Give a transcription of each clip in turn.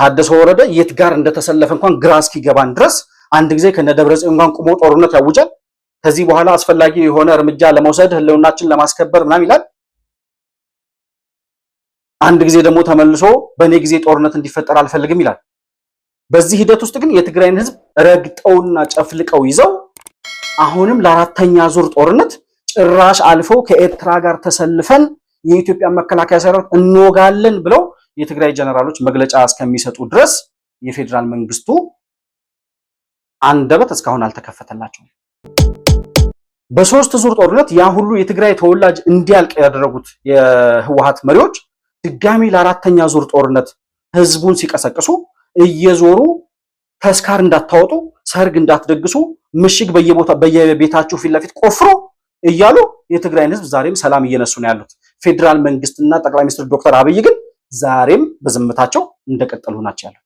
ታደሰ ወረደ የት ጋር እንደተሰለፈ እንኳን ግራ እስኪገባን ድረስ አንድ ጊዜ ከነደብረጽዮን እንኳን ቁሞ ጦርነት ያውጃል። ከዚህ በኋላ አስፈላጊ የሆነ እርምጃ ለመውሰድ ህልውናችን ለማስከበር ምናም ይላል። አንድ ጊዜ ደግሞ ተመልሶ በእኔ ጊዜ ጦርነት እንዲፈጠር አልፈልግም ይላል። በዚህ ሂደት ውስጥ ግን የትግራይን ህዝብ ረግጠውና ጨፍልቀው ይዘው አሁንም ለአራተኛ ዙር ጦርነት ጭራሽ አልፎ ከኤርትራ ጋር ተሰልፈን የኢትዮጵያን መከላከያ ሰራዊት እንወጋለን ብለው የትግራይ ጀነራሎች መግለጫ እስከሚሰጡ ድረስ የፌዴራል መንግስቱ አንደበት እስካሁን አልተከፈተላቸውም። በሶስት ዙር ጦርነት ያ ሁሉ የትግራይ ተወላጅ እንዲያልቅ ያደረጉት የህወሀት መሪዎች ድጋሚ ለአራተኛ ዙር ጦርነት ህዝቡን ሲቀሰቅሱ እየዞሩ ተስካር እንዳታወጡ፣ ሰርግ እንዳትደግሱ፣ ምሽግ በየቦታ በየቤታችሁ ፊት ለፊት ቆፍሮ እያሉ የትግራይን ህዝብ ዛሬም ሰላም እየነሱ ነው ያሉት። ፌዴራል መንግስትና ጠቅላይ ሚኒስትር ዶክተር አብይ ግን ዛሬም በዝምታቸው እንደቀጠሉ ናቸው ያሉት።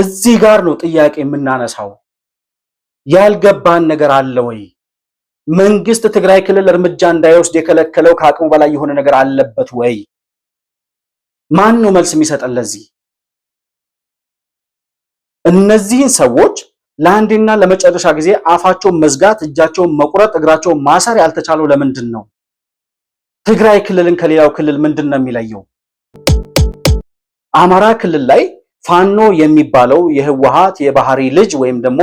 እዚህ ጋር ነው ጥያቄ የምናነሳው። ያልገባን ነገር አለ ወይ? መንግስት ትግራይ ክልል እርምጃ እንዳይወስድ የከለከለው ከአቅሙ በላይ የሆነ ነገር አለበት ወይ? ማን ነው መልስ የሚሰጠን ለዚህ? እነዚህን ሰዎች ለአንዴና ለመጨረሻ ጊዜ አፋቸውን መዝጋት፣ እጃቸውን መቁረጥ፣ እግራቸውን ማሰር ያልተቻለው ለምንድን ነው? ትግራይ ክልልን ከሌላው ክልል ምንድን ነው የሚለየው? አማራ ክልል ላይ ፋኖ የሚባለው የህወሓት የባህሪ ልጅ ወይም ደግሞ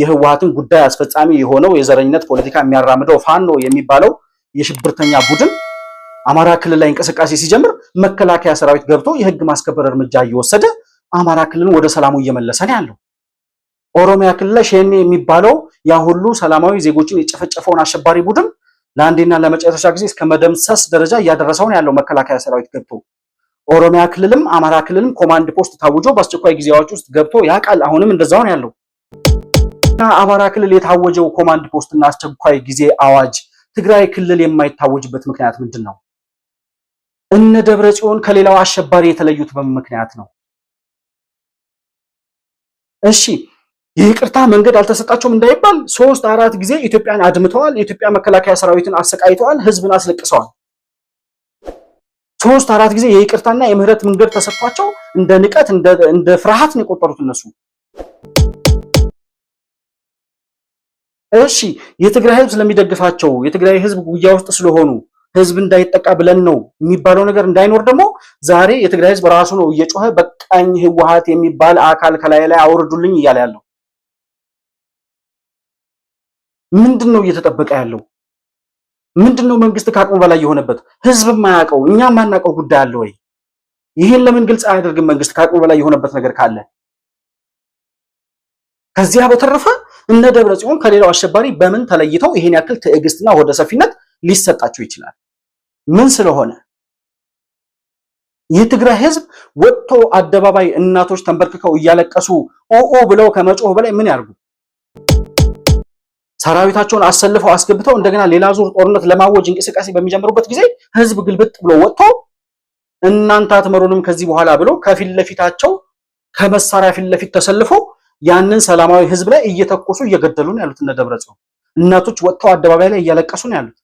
የህወሓትን ጉዳይ አስፈጻሚ የሆነው የዘረኝነት ፖለቲካ የሚያራምደው ፋኖ የሚባለው የሽብርተኛ ቡድን አማራ ክልል ላይ እንቅስቃሴ ሲጀምር መከላከያ ሰራዊት ገብቶ የህግ ማስከበር እርምጃ እየወሰደ አማራ ክልልን ወደ ሰላሙ እየመለሰ ነው ያለው። ኦሮሚያ ክልል ላይ ሸኔ የሚባለው ያ ሁሉ ሰላማዊ ዜጎችን የጨፈጨፈውን አሸባሪ ቡድን ለአንዴና ለመጨረሻ ጊዜ እስከ መደምሰስ ደረጃ እያደረሰውን ያለው መከላከያ ሰራዊት ገብቶ ኦሮሚያ ክልልም አማራ ክልልም ኮማንድ ፖስት ታውጆ በአስቸኳይ ጊዜ አዋጅ ውስጥ ገብቶ ያውቃል። አሁንም እንደዛውን ያለው እና አማራ ክልል የታወጀው ኮማንድ ፖስት እና አስቸኳይ ጊዜ አዋጅ ትግራይ ክልል የማይታወጅበት ምክንያት ምንድን ነው? እነ ደብረ ጽዮን ከሌላው አሸባሪ የተለዩት በምን ምክንያት ነው? እሺ የይቅርታ መንገድ አልተሰጣቸውም እንዳይባል ሶስት አራት ጊዜ ኢትዮጵያን አድምተዋል። የኢትዮጵያ መከላከያ ሰራዊትን አሰቃይተዋል። ህዝብን አስለቅሰዋል። ሶስት አራት ጊዜ የይቅርታና የምህረት መንገድ ተሰጥቷቸው እንደ ንቀት እንደ ፍርሃት ነው የቆጠሩት እነሱ። እሺ የትግራይ ህዝብ ስለሚደግፋቸው የትግራይ ህዝብ ጉያ ውስጥ ስለሆኑ ህዝብ እንዳይጠቃ ብለን ነው የሚባለው ነገር እንዳይኖር ደግሞ ዛሬ የትግራይ ህዝብ ራሱ ነው እየጮኸ በቃኝ ህወሓት የሚባል አካል ከላይ ላይ አውርዱልኝ እያለ ያለው ምንድን ነው እየተጠበቀ ያለው? ምንድን ነው መንግስት ከአቅሙ በላይ የሆነበት? ህዝብ ማያቀው እኛ ማናውቀው ጉዳይ አለ ወይ? ይህን ለምን ግልጽ አያደርግም? መንግስት ከአቅሙ በላይ የሆነበት ነገር ካለ ከዚያ በተረፈ እነ ደብረ ጽዮን ከሌላው አሸባሪ በምን ተለይተው ይሄን ያክል ትዕግስትና ወደ ሰፊነት ሊሰጣቸው ይችላል? ምን ስለሆነ የትግራይ ህዝብ ወጥቶ አደባባይ እናቶች ተንበርክከው እያለቀሱ ኦኦ ብለው ከመጮህ በላይ ምን ያርጉ? ሰራዊታቸውን አሰልፈው አስገብተው እንደገና ሌላ ዙር ጦርነት ለማወጅ እንቅስቃሴ በሚጀምሩበት ጊዜ ህዝብ ግልብጥ ብሎ ወጥቶ እናንተ አትመሩንም ከዚህ በኋላ ብሎ ከፊት ለፊታቸው ከመሳሪያ ፊት ለፊት ተሰልፎ ያንን ሰላማዊ ህዝብ ላይ እየተኮሱ እየገደሉ ነው ያሉት። እነ እናቶች ወጥተው አደባባይ ላይ እያለቀሱ ነው ያሉት።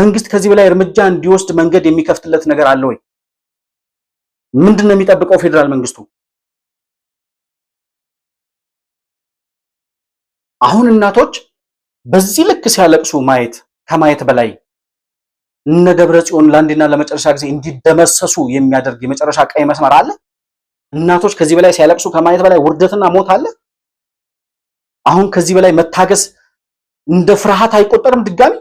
መንግስት ከዚህ በላይ እርምጃ እንዲወስድ መንገድ የሚከፍትለት ነገር አለ ወይ? ምንድን ነው የሚጠብቀው ፌዴራል መንግስቱ? አሁን እናቶች በዚህ ልክ ሲያለቅሱ ማየት ከማየት በላይ እነ ደብረ ጽዮን ለአንድና ለመጨረሻ ጊዜ እንዲደመሰሱ የሚያደርግ የመጨረሻ ቀይ መስመር አለ? እናቶች ከዚህ በላይ ሲያለቅሱ ከማየት በላይ ውርደትና ሞት አለ? አሁን ከዚህ በላይ መታገስ እንደ ፍርሃት አይቆጠርም ድጋሚ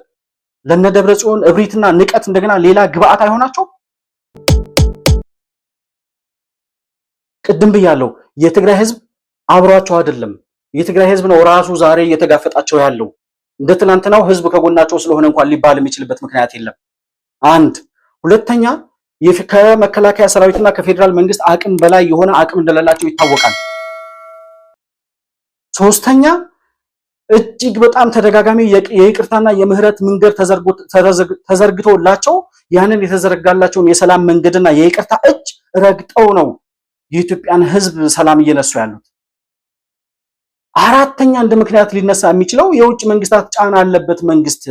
ለነደብረ ጽዮን እብሪትና ንቀት እንደገና ሌላ ግብአት አይሆናቸው? ቅድም ብያለሁ። የትግራይ ህዝብ አብሯቸው አይደለም። የትግራይ ህዝብ ነው ራሱ ዛሬ እየተጋፈጣቸው ያለው። እንደ ትናንትናው ህዝብ ከጎናቸው ስለሆነ እንኳን ሊባል የሚችልበት ምክንያት የለም። አንድ ሁለተኛ ከመከላከያ ሰራዊትና ከፌዴራል መንግስት አቅም በላይ የሆነ አቅም እንደሌላቸው ይታወቃል። ሶስተኛ እጅግ በጣም ተደጋጋሚ የይቅርታና የምህረት መንገድ ተዘርግቶላቸው ያንን የተዘረጋላቸውን የሰላም መንገድና የይቅርታ እጅ ረግጠው ነው የኢትዮጵያን ሕዝብ ሰላም እየነሱ ያሉት። አራተኛ እንደ ምክንያት ሊነሳ የሚችለው የውጭ መንግስታት ጫና አለበት መንግስት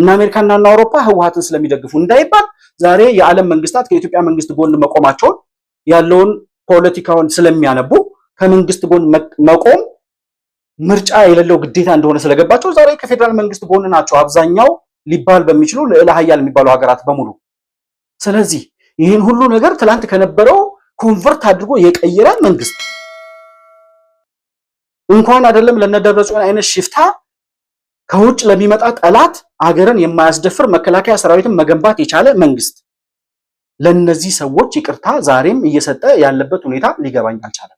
እና አሜሪካና እና አውሮፓ ህወሓትን ስለሚደግፉ እንዳይባል ዛሬ የዓለም መንግስታት ከኢትዮጵያ መንግስት ጎን መቆማቸውን ያለውን ፖለቲካውን ስለሚያነቡ ከመንግስት ጎን መቆም ምርጫ የሌለው ግዴታ እንደሆነ ስለገባቸው ዛሬ ከፌዴራል መንግስት ጎን ናቸው አብዛኛው ሊባል በሚችሉ ልዕለ ሀያል የሚባሉ ሀገራት በሙሉ። ስለዚህ ይህን ሁሉ ነገር ትላንት ከነበረው ኮንቨርት አድርጎ የቀየረ መንግስት እንኳን አይደለም ለነደብረ አይነት ሽፍታ ከውጭ ለሚመጣ ጠላት አገርን የማያስደፍር መከላከያ ሰራዊትን መገንባት የቻለ መንግስት ለነዚህ ሰዎች ይቅርታ ዛሬም እየሰጠ ያለበት ሁኔታ ሊገባኝ አልቻለም።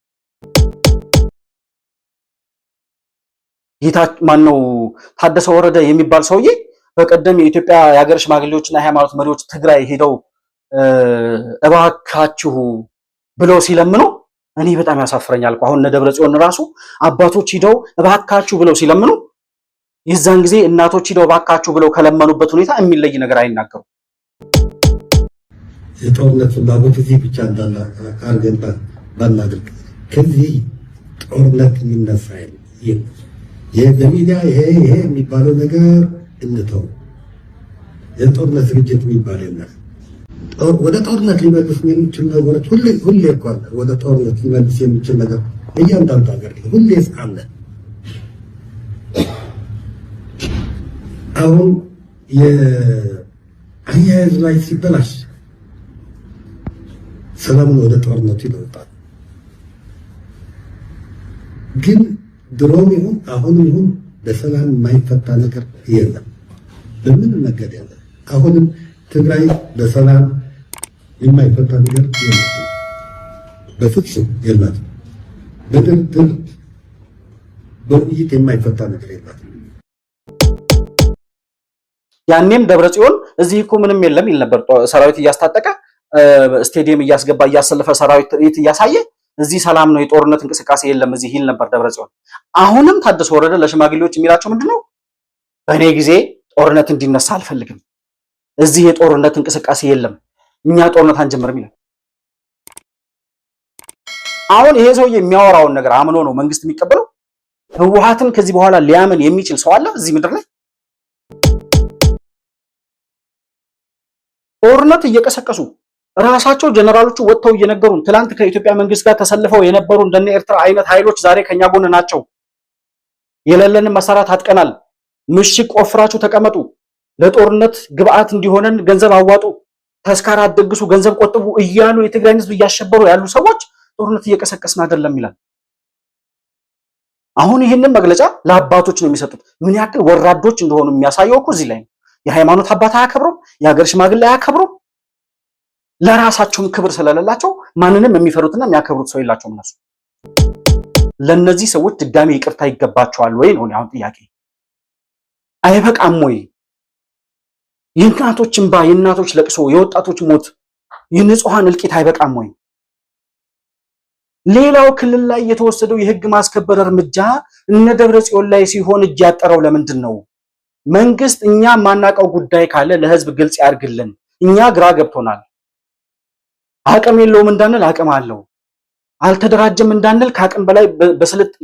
ማን ነው ታደሰ ወረደ የሚባል ሰውዬ በቀደም የኢትዮጵያ የሀገር ሽማግሌዎችና የሃይማኖት መሪዎች ትግራይ ሄደው እባካችሁ ብለው ሲለምኑ እኔ በጣም ያሳፍረኛል። አሁን እነ ደብረ ጽዮን ራሱ አባቶች ሂደው እባካችሁ ብለው ሲለምኑ የዛን ጊዜ እናቶች ሂደው እባካችሁ ብለው ከለመኑበት ሁኔታ የሚለይ ነገር አይናገሩም። የጦርነት ፍላጎት እዚህ ብቻ እንዳለ አድርገን ባናድርግ ከዚህ ጦርነት የሚነሳ በሚዲያ ይሄ ይሄ የሚባለው ነገር እንተው። የጦርነት ዝግጅት የሚባል የለም። ወደ ጦርነት ሊመልስ የሚችል ነገሮች ሁሌ እኮ አለ። ወደ ጦርነት ሊመልስ የሚችል ነገር እያንዳንዱ ሀገር ሁሌ አለ። አሁን የአያያዝ ላይ ሲበላሽ ሰላሙን ወደ ጦርነቱ ይለውጣል ግን ድሮም ይሁን አሁንም ይሁን በሰላም የማይፈታ ነገር የለም። በምን መንገድ ያለ አሁንም ትግራይ በሰላም የማይፈታ ነገር የለም፣ በፍጹም የላትም። በድርድር በውይይት የማይፈታ ነገር የላትም። ያኔም ደብረ ጽዮን እዚህ እኮ ምንም የለም ይል ነበር። ሰራዊት እያስታጠቀ ስቴዲየም እያስገባ እያሰለፈ ሰራዊት እያሳየ እዚህ ሰላም ነው፣ የጦርነት እንቅስቃሴ የለም እዚህ ይል ነበር ደብረ አሁንም ታደሰ ወረደ ለሽማግሌዎች የሚላቸው ምንድነው? በእኔ ጊዜ ጦርነት እንዲነሳ አልፈልግም፣ እዚህ የጦርነት እንቅስቃሴ የለም፣ እኛ ጦርነት አንጀምርም ይላል። አሁን ይሄ ሰውዬ የሚያወራውን ነገር አምኖ ነው መንግስት የሚቀበለው? ህወሓትን ከዚህ በኋላ ሊያምን የሚችል ሰው አለ እዚህ ምድር ላይ? ጦርነት እየቀሰቀሱ ራሳቸው ጀነራሎቹ ወጥተው እየነገሩን ትላንት ከኢትዮጵያ መንግስት ጋር ተሰልፈው የነበሩ እንደነ ኤርትራ አይነት ኃይሎች ዛሬ ከኛ ጎን ናቸው። የሌለንን መሳሪያ ታጥቀናል፣ ምሽግ ቆፍራችሁ ተቀመጡ፣ ለጦርነት ግብአት እንዲሆነን ገንዘብ አዋጡ፣ ተስካር አደግሱ፣ ገንዘብ ቆጥቡ እያሉ የትግራይን ህዝብ እያሸበሩ ያሉ ሰዎች ጦርነት እየቀሰቀስን አይደለም ይላል። አሁን ይህንን መግለጫ ለአባቶች ነው የሚሰጡት። ምን ያክል ወራዶች እንደሆኑ የሚያሳየው እኮ እዚህ ላይ ነው። የሃይማኖት አባት አያከብሩም፣ የሀገር ሽማግሌ አያከብሩም። ለራሳቸውም ክብር ስለሌላቸው ማንንም የሚፈሩትና የሚያከብሩት ሰው የላቸው እነሱ ለእነዚህ ሰዎች ድጋሚ ይቅርታ ይገባቸዋል ወይ ነው አሁን ጥያቄ። አይበቃም ወይ? የእናቶች እንባ፣ የእናቶች ለቅሶ፣ የወጣቶች ሞት፣ የንጹሐን እልቂት አይበቃም ወይ? ሌላው ክልል ላይ የተወሰደው የህግ ማስከበር እርምጃ እነ ደብረ ጽዮን ላይ ሲሆን እጅ ያጠረው ለምንድን ነው? መንግስት እኛ ማናቀው ጉዳይ ካለ ለህዝብ ግልጽ ያርግልን። እኛ ግራ ገብቶናል። አቅም የለውም እንዳንል አቅም አለው። አልተደራጀም እንዳንል ከአቅም በላይ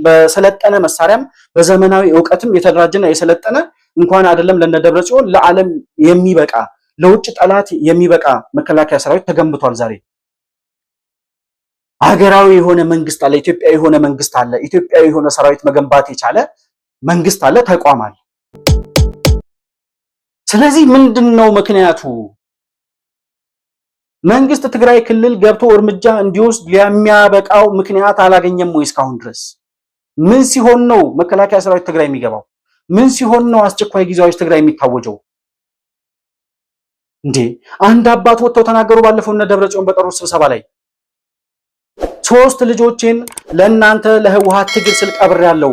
በሰለጠነ መሳሪያም በዘመናዊ እውቀትም የተደራጀና የሰለጠነ እንኳን አይደለም ለነደብረ ሲሆን ጽዮን ለዓለም የሚበቃ ለውጭ ጠላት የሚበቃ መከላከያ ሰራዊት ተገንብቷል። ዛሬ ሀገራዊ የሆነ መንግስት አለ። ኢትዮጵያዊ የሆነ መንግስት አለ። ኢትዮጵያዊ የሆነ ሰራዊት መገንባት የቻለ መንግስት አለ፣ ተቋም አለ። ስለዚህ ምንድን ነው ምክንያቱ? መንግስት ትግራይ ክልል ገብቶ እርምጃ እንዲወስድ የሚያበቃው ምክንያት አላገኘም ወይ? እስካሁን ድረስ ምን ሲሆን ነው መከላከያ ሰራዊት ትግራይ የሚገባው? ምን ሲሆን ነው አስቸኳይ ጊዜዎች ትግራይ የሚታወጀው? እንዴ አንድ አባት ወጥተው ተናገሩ። ባለፈው እነ ጽዮን በጠሩት ስብሰባ ላይ ሶስት ልጆቼን ለእናንተ ለህወሓት ትግል ስል ቀብሬያለሁ።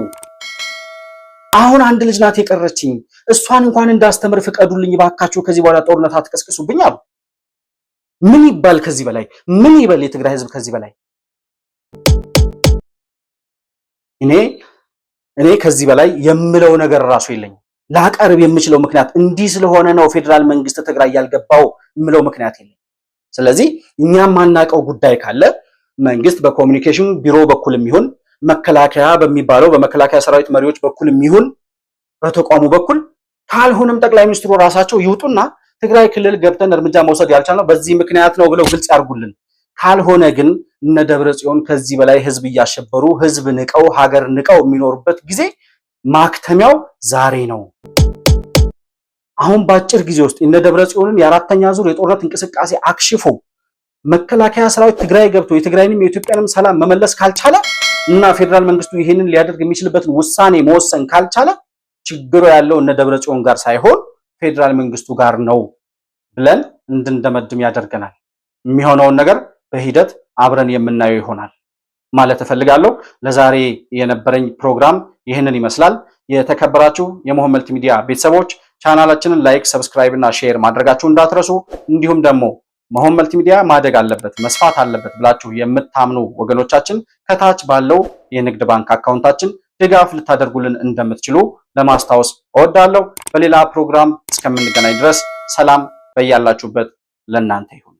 አሁን አንድ ልጅ ናት የቀረችኝ። እሷን እንኳን እንዳስተምር ፍቀዱልኝ እባካችሁ፣ ከዚህ በኋላ ጦርነት አትቀስቅሱብኝ አሉ። ምን ይባል ከዚህ በላይ ምን ይበል የትግራይ ህዝብ ከዚህ በላይ እኔ እኔ ከዚህ በላይ የምለው ነገር ራሱ የለኝም። ላቀርብ የምችለው ምክንያት እንዲህ ስለሆነ ነው ፌዴራል መንግስት ትግራይ ያልገባው የምለው ምክንያት የለም። ስለዚህ እኛ የማናውቀው ጉዳይ ካለ መንግስት በኮሚኒኬሽን ቢሮ በኩል የሚሆን መከላከያ በሚባለው በመከላከያ ሰራዊት መሪዎች በኩል የሚሆን በተቋሙ በኩል ካልሆነም ጠቅላይ ሚኒስትሩ ራሳቸው ይውጡና ትግራይ ክልል ገብተን እርምጃ መውሰድ ያልቻልነው በዚህ ምክንያት ነው ብለው ግልጽ ያርጉልን። ካልሆነ ግን እነ ደብረ ጽዮን ከዚህ በላይ ህዝብ እያሸበሩ ህዝብ ንቀው ሀገር ንቀው የሚኖሩበት ጊዜ ማክተሚያው ዛሬ ነው። አሁን በአጭር ጊዜ ውስጥ እነ ደብረ ጽዮንን የአራተኛ ዙር የጦርነት እንቅስቃሴ አክሽፎ መከላከያ ሰራዊት ትግራይ ገብቶ የትግራይንም የኢትዮጵያንም ሰላም መመለስ ካልቻለ እና ፌዴራል መንግስቱ ይሄንን ሊያደርግ የሚችልበትን ውሳኔ መወሰን ካልቻለ ችግሩ ያለው እነ ደብረ ጽዮን ጋር ሳይሆን ፌዴራል መንግስቱ ጋር ነው ብለን እንድንደመድም ያደርገናል። የሚሆነውን ነገር በሂደት አብረን የምናየው ይሆናል ማለት እፈልጋለሁ። ለዛሬ የነበረኝ ፕሮግራም ይህንን ይመስላል። የተከበራችሁ የመሆን መልቲ ሚዲያ ቤተሰቦች ቻናላችንን ላይክ፣ ሰብስክራይብ እና ሼር ማድረጋችሁ እንዳትረሱ። እንዲሁም ደግሞ መሆን መልቲ ሚዲያ ማደግ አለበት መስፋት አለበት ብላችሁ የምታምኑ ወገኖቻችን ከታች ባለው የንግድ ባንክ አካውንታችን ድጋፍ ልታደርጉልን እንደምትችሉ ለማስታወስ እወዳለሁ። በሌላ ፕሮግራም እስከምንገናኝ ድረስ ሰላም በያላችሁበት ለእናንተ ይሁን።